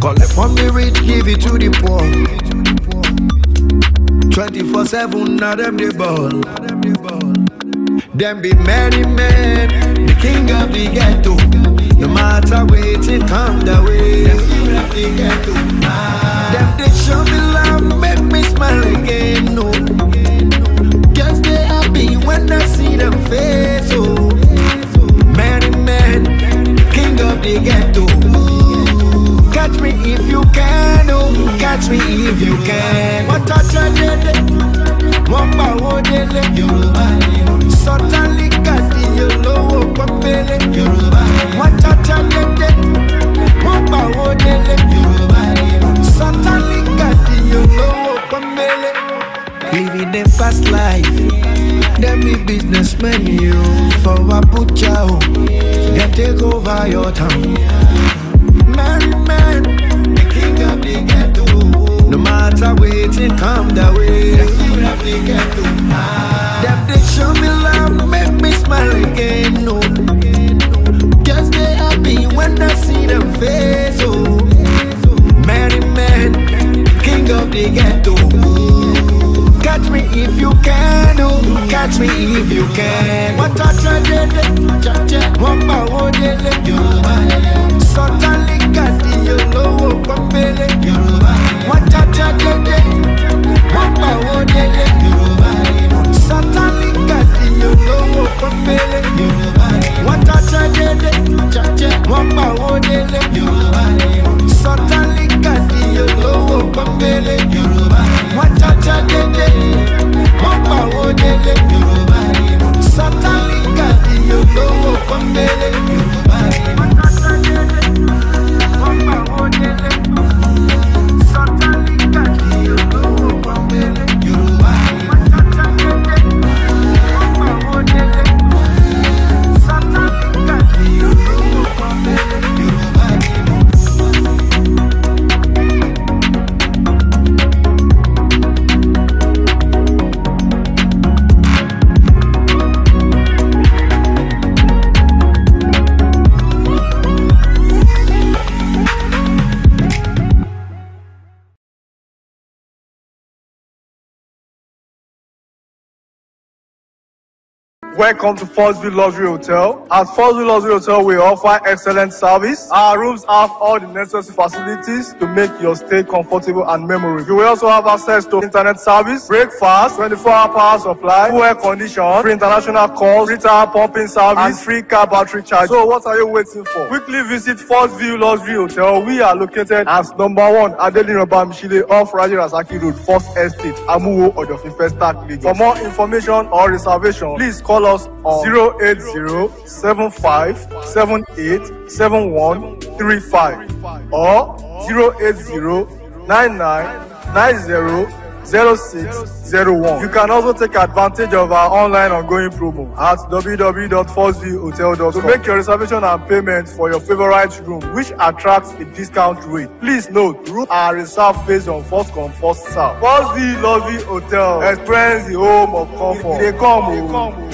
Collect from the rich, give it to the poor. 24 7, now them the ball. Them be merry men, the king of the ghetto. No matter where it come the way. The king of the ghetto. Them they show me love, make me smile again. No, oh. just they happy when I see them face. Oh, merry men, king of the ghetto. catch me if you can. What a tragedy. Wọ́n gbà wo délé. Yorùbá ni o. Sọ̀tálì kàdí olówó pọ́pẹ́lẹ́. Yorùbá ni o. What a tragedy. Wọ́n gbà Yorùbá ni o. Sọ̀tálì kàdí olówó pọ́pẹ́lẹ́. Living the fast life. Dem be businessmen yo. For Abuja o. Dem take over your town. kẹ̀kẹ́. wọ́n tọ́jọ́ délé wọ́n gbàwó délé. sọ̀tálì kàdí olówó pọ́npẹ́lẹ́. Welcome to Foursville Luxury Hotel. At Foursville Luxury Hotel, we offer excellent service. Our rooms have all the necessary facilities to make your stay comfortable and memorable. You will also have access to internet service, breakfast, 24-hour power supply, air condition, free international calls, free tire pumping service, and free car battery charge. So what are you waiting for? Quickly visit Foursville Luxury Hotel. We are located at number one Adelino Bamshile off Rajarasaki Road, First Estate, Amuwo, Odofin First State, Region. For more information or reservation, please call us us on 080 7135 or 080 0601. You can also take advantage of our online ongoing promo at www.4zhotel.com to make your reservation and payment for your favorite room, which attracts a discount rate. Please note, rooms are reserved based on first come, first serve. 4Z Lovey Hotel. Experience the home of comfort. They come. They oh. come.